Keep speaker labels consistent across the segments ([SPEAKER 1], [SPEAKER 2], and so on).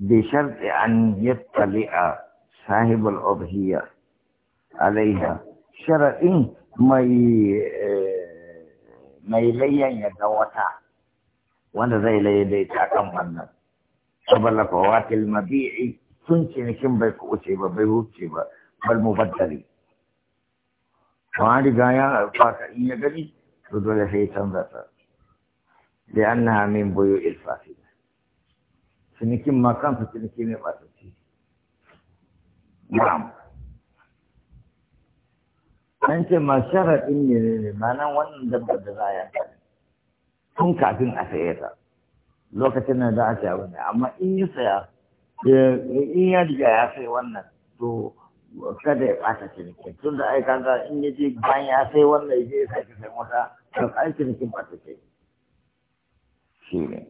[SPEAKER 1] بشرط أن يطلع صاحب الأضحية عليها شرعي ما ما يلين يدوتا وانا زي لي دي تاكم wannan قبل فوات المبيع كنت نشم بك أصيب بل بالمبدل فعلي غايا فاكا إيا غني تدول هي تنظر لأنها من بيوء الفاسدة cinikin ma kansa ciniki mai matsaci na'am an ce ma sharaɗin ne ne nan wannan dabbar da za a yanka ne tun kafin a saye ta lokacin na za a saya wani amma in yi saya
[SPEAKER 2] in
[SPEAKER 1] ya riga ya sai wannan to kada ya ɓata cinikin tun da ai kaga in ya je bayan ya sai wannan ya je ya sake sai wata kan aikin cinikin ɓata ce shi ne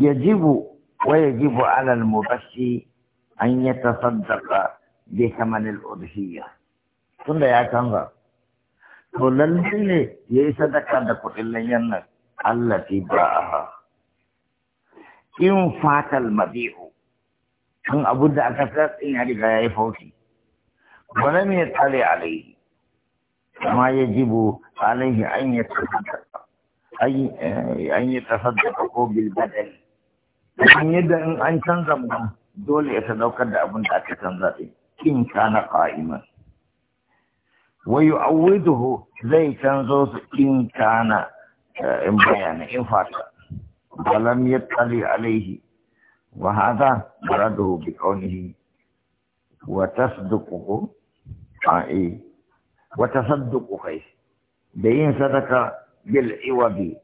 [SPEAKER 1] يجب ويجب على المبشي أن يتصدق بثمن الأضحية tunda ya canza to lallai ne ya yi sadaka da kuɗin layyan nan Allah fi ba'aha in fatal mabi'u kan abu da aka tsatsin ya riga ya yi fauki wani mai tsare alaihi kama ya jibo alaihi an yi tsatsa أي أن يتصدق بالبدل أن يدع أن تنظم دول يتدوك أبن تأتي تنظر إن كان قائما ويعوده زي تنظر إن كان إن بيان إن فات ولم يطلع عليه وهذا مرده بكونه وتصدقه آه، أي وتصدقه دين صدقه bil'iwabi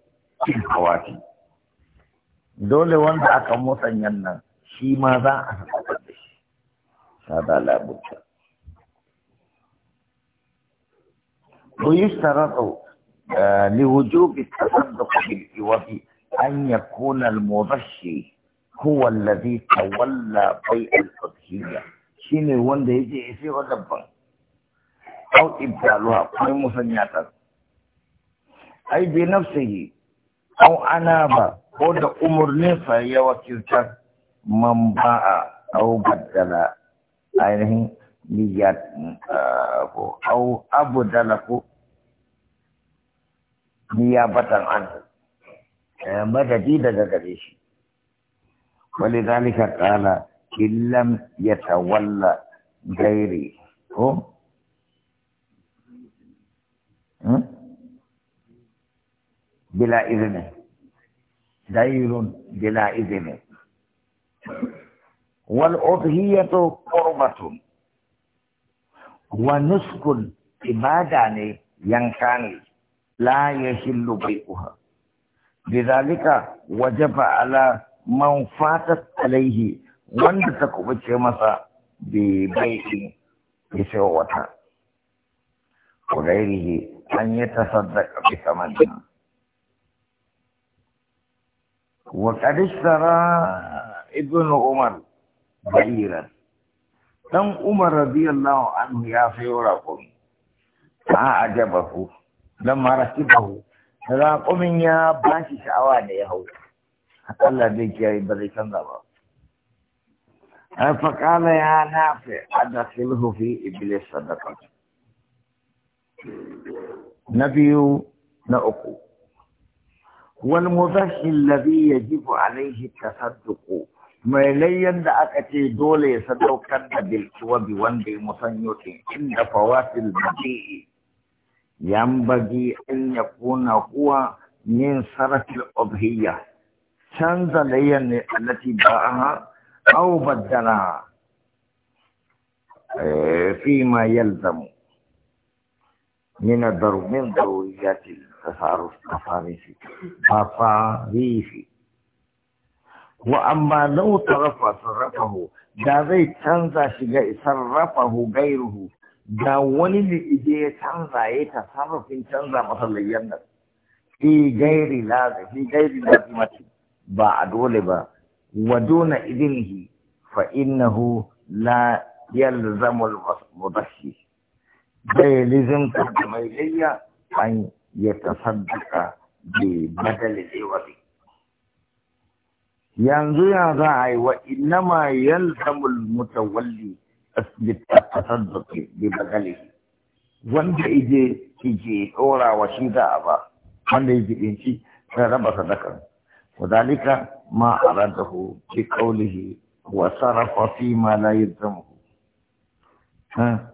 [SPEAKER 1] cin hawaki dole wanda aka motsan yannan shi ma za a haɗa da shi sada labuta eh, ko yi sarrafa lihujo bi tasar da ku bil'iwabi an yi kunan morashe ko wallazi ta walla bai shi ne wanda ya je ya sai wadabban Au ibdaluwa, kuma musan ya tasiri. ai bi nafsihi aw anaba ko da umurnin sa ya wakilta man ba'a aw badala ainihin niyyat ko aw abdala ko niyabatan an madadi daga gare shi walidhalika qala illam tawalla gairi ko Hmm? bila izini dairun bila izini wal udhiyatu qurbatun wa nuskun ibada ne yanka ne la yahillu bai'uha lidhalika wajaba ala man fatat alaihi wanda ta kubuce masa bi bai'in bisa wata ta أن يتصدق بثمنها وقد اشترى ابن عمر بعيرا ثم عمر رضي الله عنه يا فيوركم عجبه لما ركبه فلا قمن يا باشي شعوان يا هو قال لك يا إبري كنظر فقال يا نافع أدخله في إبليس صدقك نبي نأقو والمضحي الذي يجب عليه التصدق mai layyan da aka ce dole ya sadaukar da bilkiwabi wanda ya musanyo ke inda fawasil badi'i yan bagi an ya kuna kuwa min sarafil obhiyya canza layyan ne allati ba'aha aw baddala fi ma yalzamu من الضرو من ضروريات التصرف الفارسي الفارسي واما لو طرف صرفه دا زي تنزا شجا صرفه غيره دا ولي لإجي تنزا يتصرف إن تنزا مثلا ينزا في غير لازم في غير لازمة بعد ولبا ودون إذنه فإنه لا يلزم المضحي غير لزم تنزا الجميلية أن يتصدق ببدل العوض yanzu ya za a yi wa innama yalzamul mutawalli tasadduqi bi bagalihi wanda ije ije dora wa shi da aba wanda ije din shi sai raba sadaka wadalika ma aradahu bi qawlihi wa sarafa fi ma la yalzamuhu ha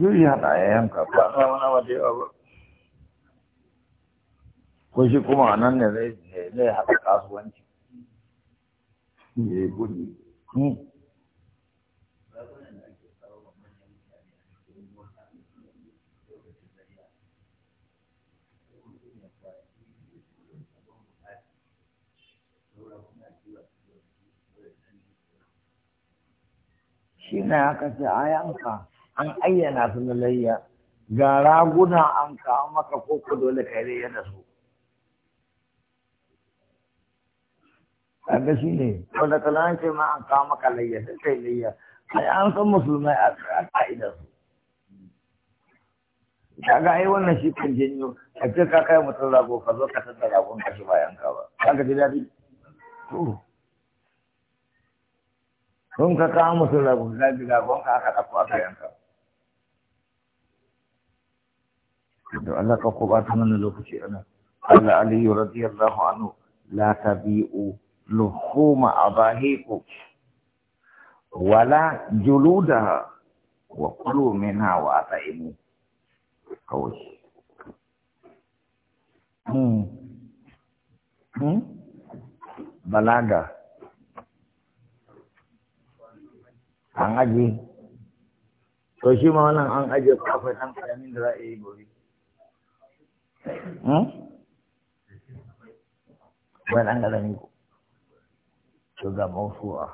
[SPEAKER 1] zuri na ya yanka ba a samu nama da yawa ba ko shi kuma a nan ne zai haɗa kasuwanci ya yi gudu hmm. shi ne aka ce a yanka an ayyana su na layya ga raguna an kawo maka koko dole ka yi da su kaga shi ne wanda kalan ce ma an kawo maka layya sai kai layya kai an san musulmai a ka'ida su kaga ai wannan shi kan janyo a ce ka kai mutum rago ka zo ka tada ragon ka shi bayan ka ba kaga ji daɗi to kun ka kawo mutum rago ka ji ragon ka aka ɗauko aka yanka da Allah ka ko bata mana lokaci ana Allah Ali radiyallahu anhu la tabi'u luhuma abahiku wala Juluda wa kulu minha wa ataimu kawai hmm hmm balaga an aje to shi ma wannan an aje kafin ɗan ƙaramin da za a yi gobe Waɗanda da ne su ga mawufuwa,